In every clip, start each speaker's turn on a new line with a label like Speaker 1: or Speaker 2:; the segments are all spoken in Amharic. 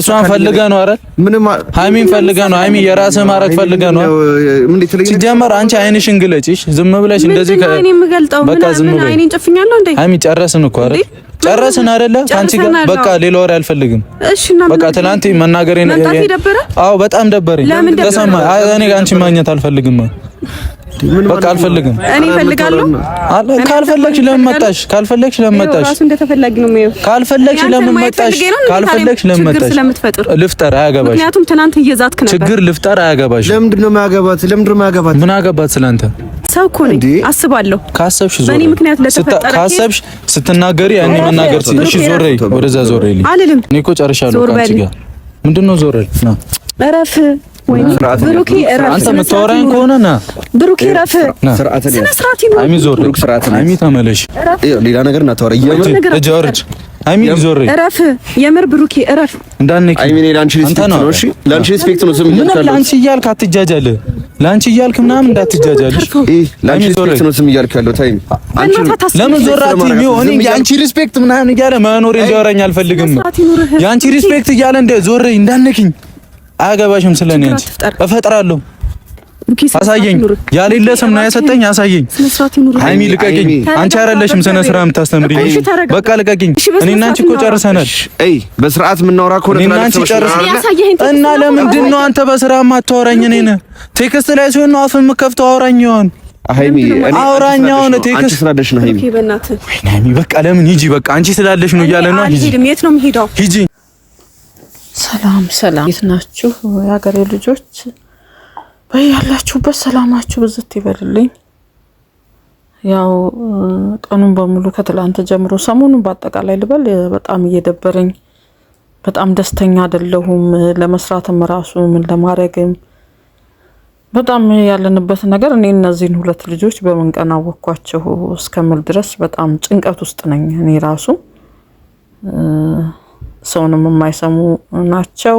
Speaker 1: እሷን ፈልገህ ነው አይደል? ምንም ሀይሚን ፈልገህ ነው። ሀይሚ የራስህ ማድረግ ፈልገህ ነው። ሲጀመር አንቺ አይንሽን ግለጪሽ። ዝም ብለሽ እንደዚህ ከ በቃ ዝም ብለሽ አይኔን ጨፍኛለሁ እንዴ? ሀይሚ ጨረስን እኮ አይደል? ጨረስን አይደለ? አንቺ ጋር በቃ ሌላ ወሬ አልፈልግም። እሺ እና በቃ ትናንት መናገሬን አዎ፣ በጣም ደበረኝ። ተሰማህ? እኔ አንቺ ማግኘት አልፈልግም በቃ አልፈልግም።
Speaker 2: እኔ እፈልጋለሁ።
Speaker 1: ካልፈለግሽ ለምን መጣሽ? ካልፈለግሽ ለምን መጣሽ?
Speaker 2: ካልፈለግሽ ለምን መጣሽ?
Speaker 1: ካልፈለግሽ ለምን መጣሽ? ልፍጠር አያገባሽ።
Speaker 2: ምክንያቱም ትናንት እየዛትክ ነበር።
Speaker 1: ችግር ልፍጠር አያገባሽ።
Speaker 2: ለምንድን ነው የማያገባት? ለምንድን ነው የማያገባት?
Speaker 1: ምን አገባት ስለአንተ
Speaker 2: ሰው እኮ ነኝ አስባለሁ።
Speaker 1: ካሰብሽ ዞር በእኔ ምክንያት ለተፈጠረ ካሰብሽ ስትናገሪ ያኔ መናገር ሲ እሺ፣ ዞር በይ፣ ወደዛ ዞር በይ። እኔ እኮ ጨርሻለሁ። ካንቺ ጋር ምንድን ነው ዞር በይ፣ ና
Speaker 2: እረፍ ብሩኬ እረፍ።
Speaker 1: አንተ የምታወራኝ ከሆነ ና ብሩኬ እረፍ። ሌላ ነገር
Speaker 2: የምር ብሩኬ እረፍ።
Speaker 1: እንዳንክ አይሚ ላንቺ ሪስፔክት ነው። እሺ ላንቺ ሪስፔክት ነው። ዝም
Speaker 2: ብለህ ላንቺ እያልክ አትጃጃል። ላንቺ እያልክ ምናምን እንዳትጃጃል።
Speaker 1: ላንቺ ሪስፔክት ነው ስም እያልክ ያለው ታይም
Speaker 2: ለምን ዞራት የሚሆን ሪስፔክት ምናምን እያለ መኖር እንዲያወራኝ አልፈልግም።
Speaker 1: የአንቺ ሪስፔክት እያለ እንደ ዞር እንዳነክኝ አያገባሽም። ስለ እኔ አንቺ እፈጥራለሁ። አሳየኝ። ያሌለ ስም ነው ያሰጠኝ። አሳየኝ። ሀይሚ ልቀቂኝ አንቺ አይደለሽም ስነ ስራ የምታስተምሪ በቃ ልቀቂኝ እኔና አንቺ እኮ ጨርሰናል። አይ በስርዓት የምናወራ እኮ እኔና አንቺ ጨርሰናል። እና ለምንድን ነው አንተ በስራ የማታወራኝ? እኔን ቴክስት ላይ ሲሆን ነው አፍ የምከፍተው። አውራኝ ይሆን ሀይሚ አውራኛውን ቴክስት ስላለሽ ነው። ሀይሚ በቃ ለምን ሂጂ። በቃ አንቺ ስላለሽ ነው እያለ ነው።
Speaker 2: ነው ሂጂ ሰላም ሰላም፣ እንዴት ናችሁ የሀገሬ ልጆች? በያላችሁበት ሰላማችሁ ብዝት ይበልልኝ። ያው ቀኑን በሙሉ ከትላንት ጀምሮ ሰሞኑን በአጠቃላይ ልበል በጣም እየደበረኝ በጣም ደስተኛ አይደለሁም። ለመስራትም ራሱ ምን ለማድረግም በጣም ያለንበት ነገር እኔ እነዚህን ሁለት ልጆች በምን ቀን እስከምል ድረስ በጣም ጭንቀት ውስጥ ነኝ እኔ ራሱ ሰውንም የማይሰሙ ናቸው።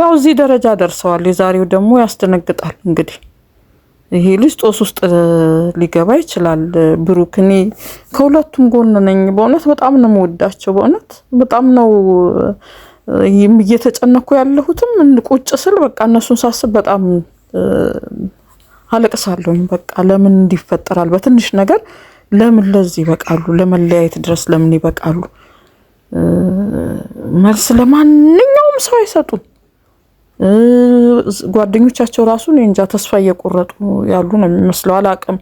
Speaker 2: ያው እዚህ ደረጃ ደርሰዋል። የዛሬው ደግሞ ያስደነግጣል። እንግዲህ ይሄ ልጅ ጦስ ውስጥ ሊገባ ይችላል። ብሩክ እኔ ከሁለቱም ጎን ነኝ። በእውነት በጣም ነው የምወዳቸው። በእውነት በጣም ነው እየተጨነኩ ያለሁትም ቁጭ ስል በቃ እነሱን ሳስብ በጣም አለቅሳለሁኝ። በቃ ለምን እንዲፈጠራል በትንሽ ነገር ለምን ለዚህ ይበቃሉ? ለመለያየት ድረስ ለምን ይበቃሉ? መልስ ለማንኛውም ሰው አይሰጡም። ጓደኞቻቸው ራሱ እንጃ ተስፋ እየቆረጡ ያሉ ነው የሚመስለው። አላቅም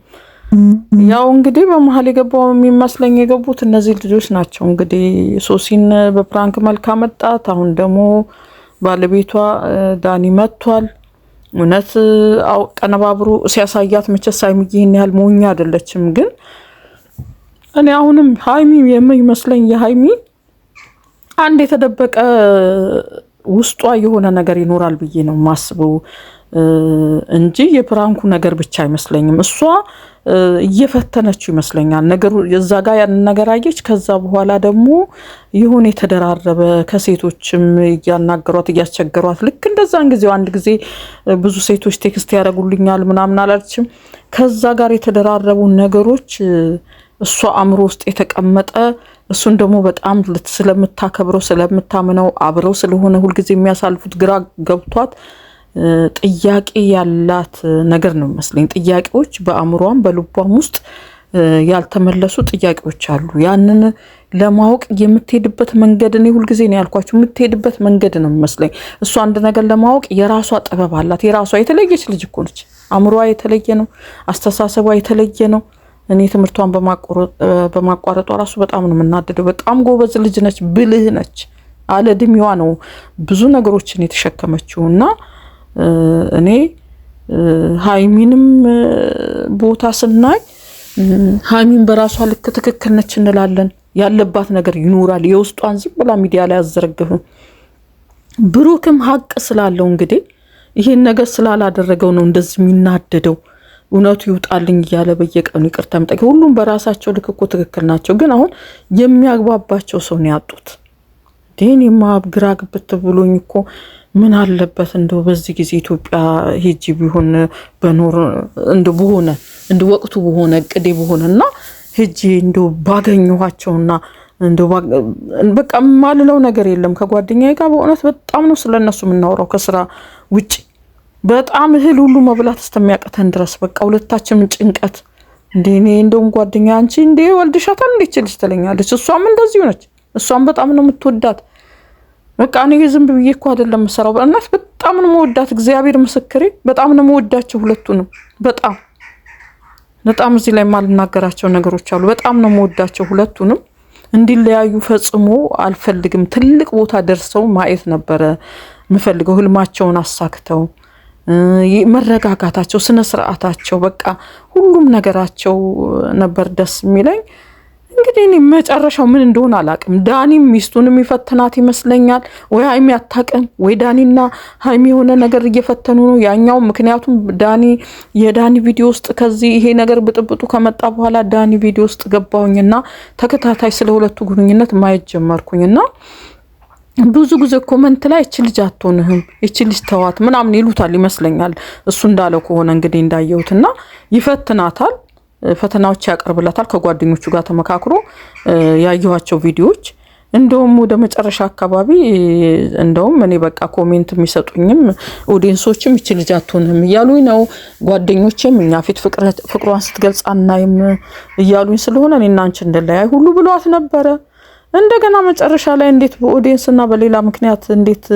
Speaker 2: ያው እንግዲህ በመሀል የገባው የሚመስለኝ የገቡት እነዚህ ልጆች ናቸው። እንግዲህ ሶሲን በፕራንክ መልክ አመጣት። አሁን ደግሞ ባለቤቷ ዳኒ መጥቷል። እውነት ቀነባብሮ ሲያሳያት መቼ ሀይሚዬ ይህን ያህል ሞኝ አይደለችም። ግን እኔ አሁንም ሀይሚ የሚመስለኝ የሀይሚ አንድ የተደበቀ ውስጧ የሆነ ነገር ይኖራል ብዬ ነው ማስበው እንጂ የፕራንኩ ነገር ብቻ አይመስለኝም። እሷ እየፈተነችው ይመስለኛል ነገሩ። እዛ ጋር ያንን ነገር አየች። ከዛ በኋላ ደግሞ የሆነ የተደራረበ ከሴቶችም እያናገሯት እያስቸገሯት፣ ልክ እንደዛን ጊዜ አንድ ጊዜ ብዙ ሴቶች ቴክስት ያደርጉልኛል ምናምን አላልችም። ከዛ ጋር የተደራረቡ ነገሮች እሷ አእምሮ ውስጥ የተቀመጠ እሱን ደግሞ በጣም ስለምታከብረው ስለምታምነው አብረው ስለሆነ ሁልጊዜ የሚያሳልፉት ግራ ገብቷት ጥያቄ ያላት ነገር ነው ይመስለኝ። ጥያቄዎች በአእምሯም በልቧም ውስጥ ያልተመለሱ ጥያቄዎች አሉ። ያንን ለማወቅ የምትሄድበት መንገድ እኔ ሁልጊዜ ነው ያልኳቸው የምትሄድበት መንገድ ነው ይመስለኝ። እሱ አንድ ነገር ለማወቅ የራሷ ጥበብ አላት። የራሷ የተለየች ልጅ እኮ ነች። አእምሯ የተለየ ነው። አስተሳሰቧ የተለየ ነው። እኔ ትምህርቷን በማቋረጧ ራሱ በጣም ነው የምናደደው። በጣም ጎበዝ ልጅ ነች፣ ብልህ ነች። አለ እድሜዋ ነው ብዙ ነገሮችን የተሸከመችው እና እኔ ሀይሚንም ቦታ ስናይ ሀይሚን በራሷ ልክ ትክክል ነች እንላለን። ያለባት ነገር ይኖራል። የውስጧን ዝም ብላ ሚዲያ ላይ አዘረግፍም። ብሩክም ሀቅ ስላለው እንግዲህ ይህን ነገር ስላላደረገው ነው እንደዚህ የሚናደደው። እውነቱ ይውጣልኝ እያለ በየቀኑ ይቅርታ መጠየቅ ሁሉም በራሳቸው ልክ እኮ ትክክል ናቸው። ግን አሁን የሚያግባባቸው ሰው ነው ያጡት። እኔማ ግራ ግብት ብሎኝ እኮ ምን አለበት እንደው በዚህ ጊዜ ኢትዮጵያ ሄጂ ቢሆን በኖር እንደ በሆነ እንደ ወቅቱ በሆነ እቅዴ በሆነ እና ሄጂ እንደ ባገኘኋቸውና እንደው በቃ ማልለው ነገር የለም። ከጓደኛ ጋር በእውነት በጣም ነው ስለነሱ የምናወራው ከስራ ውጭ በጣም እህል ሁሉ መብላት እስከሚያቀተን ድረስ በቃ ሁለታችንም ጭንቀት። እንዴ እኔ እንደውም ጓደኛ አንቺ እንዴ ወልድሻታል እንዴ ችልሽ ትለኛለች። እሷም እንደዚሁ ነች። እሷም በጣም ነው የምትወዳት። በቃ እኔ ዝም ብዬ እኮ አይደለም የምሰራው። እናት በጣም ነው የምወዳት። እግዚአብሔር ምስክሬ፣ በጣም ነው የምወዳቸው ሁለቱንም። በጣም በጣም እዚህ ላይ የማልናገራቸው ነገሮች አሉ። በጣም ነው የምወዳቸው ሁለቱንም። እንዲለያዩ ፈጽሞ አልፈልግም። ትልቅ ቦታ ደርሰው ማየት ነበረ የምፈልገው፣ ህልማቸውን አሳክተው መረጋጋታቸው፣ ስነ ስርዓታቸው፣ በቃ ሁሉም ነገራቸው ነበር ደስ የሚለኝ። እንግዲህ እኔ መጨረሻው ምን እንደሆነ አላቅም ዳኒም ሚስቱን የሚፈትናት ይመስለኛል። ወይ ሀይሚ አታውቅም፣ ወይ ዳኒና ሀይሚ የሆነ ነገር እየፈተኑ ነው ያኛው። ምክንያቱም ዳኒ የዳኒ ቪዲዮ ውስጥ ከዚህ ይሄ ነገር ብጥብጡ ከመጣ በኋላ ዳኒ ቪዲዮ ውስጥ ገባሁኝና ተከታታይ ስለ ሁለቱ ግንኙነት ማየት ጀመርኩኝና ብዙ ጊዜ ኮመንት ላይ እች ልጅ አትሆንህም፣ እች ልጅ ተዋት ምናምን ይሉታል ይመስለኛል። እሱ እንዳለ ከሆነ እንግዲህ እንዳየሁት እና ይፈትናታል፣ ፈተናዎች ያቀርብላታል። ከጓደኞቹ ጋር ተመካክሮ ያየኋቸው ቪዲዮዎች እንደውም ወደ መጨረሻ አካባቢ እንደውም እኔ በቃ ኮሜንት የሚሰጡኝም ኦዲየንሶችም እቺ ልጅ አትሆንም እያሉኝ ነው። ጓደኞችም እኛ ፊት ፍቅሯን ስትገልጽ አናይም እያሉኝ ስለሆነ እኔ አንቺ እንደለያይ ሁሉ ብሏት ነበረ። እንደገና መጨረሻ ላይ እንዴት በኦዲየንስ እና በሌላ ምክንያት እንዴት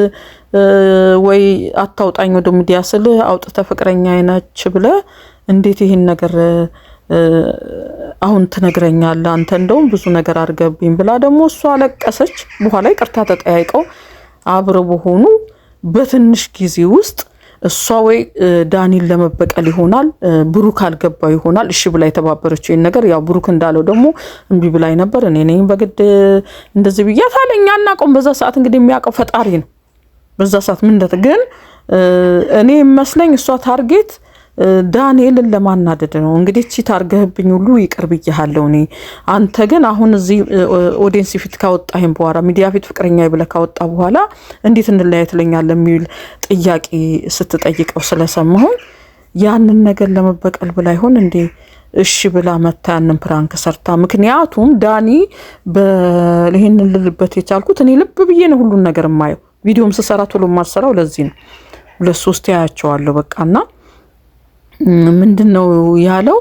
Speaker 2: ወይ አታውጣኝ ወደ ሚዲያ ስልህ አውጥተህ ፍቅረኛ አይነች ብለህ እንዴት ይህን ነገር አሁን ትነግረኛለህ? አንተ እንደውም ብዙ ነገር አድርገብኝ ብላ ደግሞ እሷ አለቀሰች። በኋላ ይቅርታ ተጠያይቀው አብረው በሆኑ በትንሽ ጊዜ ውስጥ እሷ ወይ ዳኒን ለመበቀል ይሆናል ብሩክ አልገባው ይሆናል እሺ ብላ የተባበረችው ይህን ነገር ያው ብሩክ እንዳለው ደግሞ እምቢ ብላኝ ነበር እኔ ነኝ በግድ እንደዚህ ብያት አለ እኛ እናውቀውም በዛ ሰዓት እንግዲህ የሚያውቀው ፈጣሪ ነው በዛ ሰዓት ምንደት ግን እኔ ይመስለኝ እሷ ታርጌት ዳንኤልን ለማናደድ ነው እንግዲህ ቺ ታርገህብኝ ሁሉ ይቅር ብያሃለው። እኔ አንተ ግን አሁን እዚህ ኦዲንስ ፊት ካወጣህም በኋላ ሚዲያ ፊት ፍቅረኛ ብለህ ካወጣ በኋላ እንዴት እንለያየት ለኛል የሚል ጥያቄ ስትጠይቀው ስለሰማሁኝ ያንን ነገር ለመበቀል ብላ ይሆን እንዴ እሺ ብላ መታ ያንን ፕራንክ ሰርታ። ምክንያቱም ዳኒ ይህን ልልበት የቻልኩት እኔ ልብ ብዬ ነው ሁሉን ነገር የማየው። ቪዲዮም ስሰራ ቶሎ የማልሰራው ለዚህ ነው። ሁለት ሶስት ያያቸዋለሁ በቃ በቃና ምንድን ነው ያለው?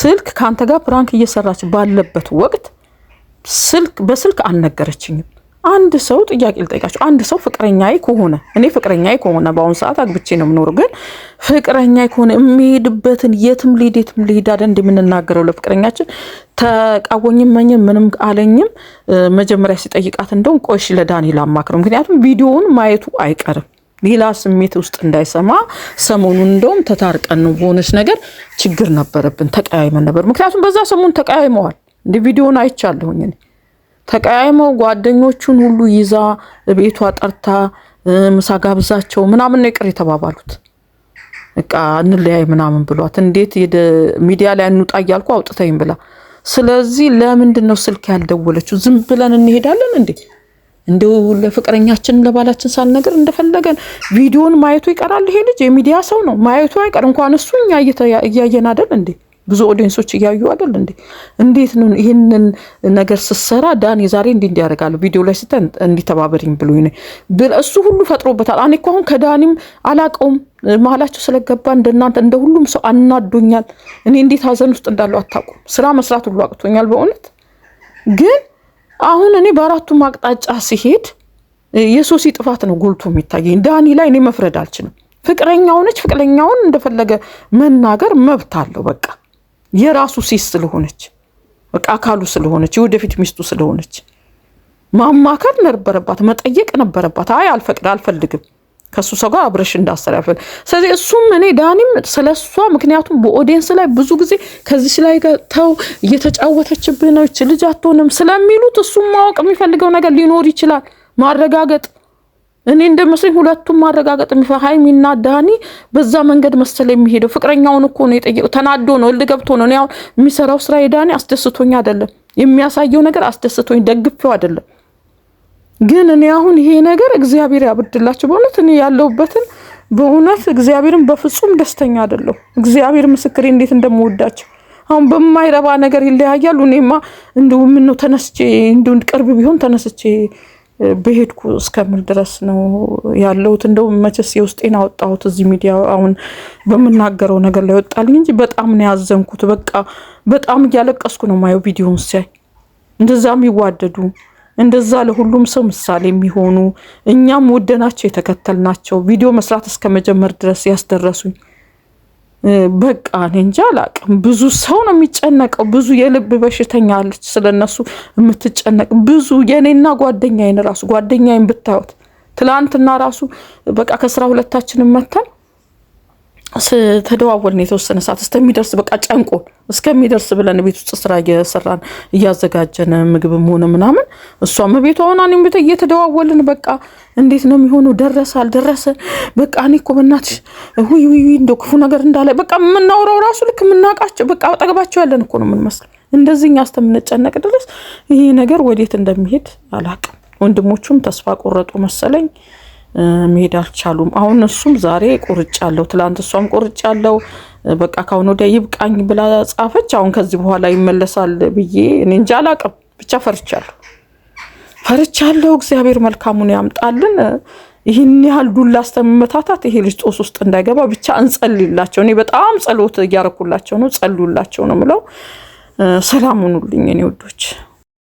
Speaker 2: ስልክ ከአንተ ጋር ፕራንክ እየሰራች ባለበት ወቅት ስልክ በስልክ አልነገረችኝም። አንድ ሰው ጥያቄ ልጠይቃቸው። አንድ ሰው ፍቅረኛዬ ከሆነ እኔ ፍቅረኛዬ ከሆነ በአሁኑ ሰዓት አግብቼ ነው የምኖሩ፣ ግን ፍቅረኛዬ ከሆነ የሚሄድበትን የትም ልሂድ የትም ልሂድ አይደል እንደምንናገረው ለፍቅረኛችን። ተቃወኝም ምንም አለኝም። መጀመሪያ ሲጠይቃት እንደውም ቆይሽ ለዳኒ አማክረው፣ ምክንያቱም ቪዲዮውን ማየቱ አይቀርም ሌላ ስሜት ውስጥ እንዳይሰማ ሰሞኑን እንደውም ተታርቀን ነው በሆነች ነገር ችግር ነበረብን፣ ተቀያይመን ነበር። ምክንያቱም በዛ ሰሞን ተቀያይመዋል። እንዲ ቪዲዮን አይቻለሁኝ እኔ ተቀያይመው ጓደኞቹን ሁሉ ይዛ ቤቷ ጠርታ ምሳ ጋብዛቸው ምናምን ነው ይቅር የተባባሉት። በቃ እንለያይ ምናምን ብሏት እንዴት ሚዲያ ላይ እንውጣ እያልኩ አውጥተኝ ብላ። ስለዚህ ለምንድን ነው ስልክ ያልደወለችው? ዝም ብለን እንሄዳለን እንዴ? እንደው ለፍቅረኛችን ለባላችን ሳልነገር እንደፈለገን ቪዲዮን ማየቱ ይቀራል። ይሄ ልጅ የሚዲያ ሰው ነው፣ ማየቱ አይቀር። እንኳን እሱ እኛ እያየን አደል እንዴ? ብዙ ኦዲየንሶች እያዩ አደል እንዴ? እንዴት ነው ይህንን ነገር ስትሰራ ዳን የዛሬ እንዲህ እንዲህ ያደርጋለሁ ቪዲዮ ላይ ስተ እንዲተባበሪኝ ብሎ እሱ ሁሉ ፈጥሮበታል። እኔ እኮ አሁን ከዳኒም አላቀውም መሀላቸው ስለገባ እንደናንተ እንደ ሁሉም ሰው አናዶኛል። እኔ እንዴት ሀዘን ውስጥ እንዳለው አታውቁም። ስራ መስራት ሁሉ አቅቶኛል በእውነት ግን አሁን እኔ በአራቱም አቅጣጫ ሲሄድ የሶሲ ጥፋት ነው ጎልቶ የሚታየኝ። ዳኒ ላይ እኔ መፍረድ አልችልም። ፍቅረኛው ነች፣ ፍቅረኛውን እንደፈለገ መናገር መብት አለው። በቃ የራሱ ሴት ስለሆነች፣ በቃ አካሉ ስለሆነች፣ የወደፊት ሚስቱ ስለሆነች ማማከር ነበረባት፣ መጠየቅ ነበረባት። አይ አልፈቅድ አልፈልግም ከእሱ ሰው ጋር አብረሽ እንዳሰሪያፈል። ስለዚህ እሱም እኔ ዳኒም ስለ እሷ ምክንያቱም በኦዲየንስ ላይ ብዙ ጊዜ ከዚህ ላይ ተው እየተጫወተችብህ ነው ይች ልጅ አትሆንም ስለሚሉት እሱም ማወቅ የሚፈልገው ነገር ሊኖር ይችላል። ማረጋገጥ እኔ እንደመስለኝ ሁለቱም ማረጋገጥ የሚፈ ሀይሚና ዳኒ በዛ መንገድ መሰለ የሚሄደው ፍቅረኛውን እኮ ነው የጠየቁ ተናዶ ነው እልህ ገብቶ ነው። እኔ አሁን የሚሰራው ስራ የዳኒ አስደስቶኝ አይደለም የሚያሳየው ነገር አስደስቶኝ ደግፌው አይደለም ግን እኔ አሁን ይሄ ነገር እግዚአብሔር ያብድላቸው። በእውነት እኔ ያለሁበትን በእውነት እግዚአብሔርን በፍጹም ደስተኛ አይደለሁ። እግዚአብሔር ምስክሬ እንዴት እንደምወዳቸው አሁን በማይረባ ነገር ይለያያሉ። እኔማ እንደው ምነው ተነስቼ እንደው ቅርብ ቢሆን ተነስቼ በሄድኩ እስከምል ድረስ ነው ያለሁት። እንደው መቼስ የውስጤን አወጣሁት እዚህ ሚዲያ አሁን በምናገረው ነገር ላይ ወጣልኝ እንጂ በጣም ነው ያዘንኩት። በቃ በጣም እያለቀስኩ ነው ማየው ቪዲዮውን ሲያይ እንደዛም ይዋደዱ እንደዛ ለሁሉም ሰው ምሳሌ የሚሆኑ እኛም ወደናቸው የተከተልናቸው ቪዲዮ መስራት እስከ መጀመር ድረስ ያስደረሱኝ በቃ እኔ እንጃ አላቅም። ብዙ ሰው ነው የሚጨነቀው። ብዙ የልብ በሽተኛ አለች ስለነሱ የምትጨነቅ ብዙ የእኔና ጓደኛዬን ራሱ ጓደኛዬን ብታዩት ትላንትና ራሱ በቃ ከስራ ሁለታችንም መተን ተደዋወልን የተወሰነ ሰዓት እስከሚደርስ በቃ ጨንቆ እስከሚደርስ ብለን ቤት ውስጥ ስራ እየሰራን እያዘጋጀን ምግብም ሆነ ምናምን እሷም ቤቷ ሆና እኔም ቤት እየተደዋወልን በቃ እንዴት ነው የሚሆነው? ደረሰ አልደረሰ? በቃ እኔ እኮ በእናትሽ ውይ ውይ እንደው ክፉ ነገር እንዳለ በቃ የምናውረው ራሱ ልክ የምናውቃቸው በቃ አጠገባቸው ያለን እኮ ነው የምንመስለው። እንደዚህ እኛ እስከምንጨነቅ ድረስ ይሄ ነገር ወዴት እንደሚሄድ አላቅም ወንድሞቹም ተስፋ ቆረጡ መሰለኝ። መሄድ አልቻሉም። አሁን እሱም ዛሬ ቁርጭ አለው፣ ትላንት እሷም ቁርጭ አለው። በቃ ካሁን ወዲያ ይብቃኝ ብላ ጻፈች። አሁን ከዚህ በኋላ ይመለሳል ብዬ እኔ እንጃ አላቅም፣ ብቻ ፈርቻለሁ፣ ፈርቻለሁ። እግዚአብሔር መልካሙን ያምጣልን። ይህን ያህል ዱላ አስተመመታታት ይሄ ልጅ ጦስ ውስጥ እንዳይገባ ብቻ እንጸልላቸው። እኔ በጣም ጸሎት እያረኩላቸው ነው፣ ጸሉላቸው ነው ምለው። ሰላም ሁኑልኝ እኔ ውዶች።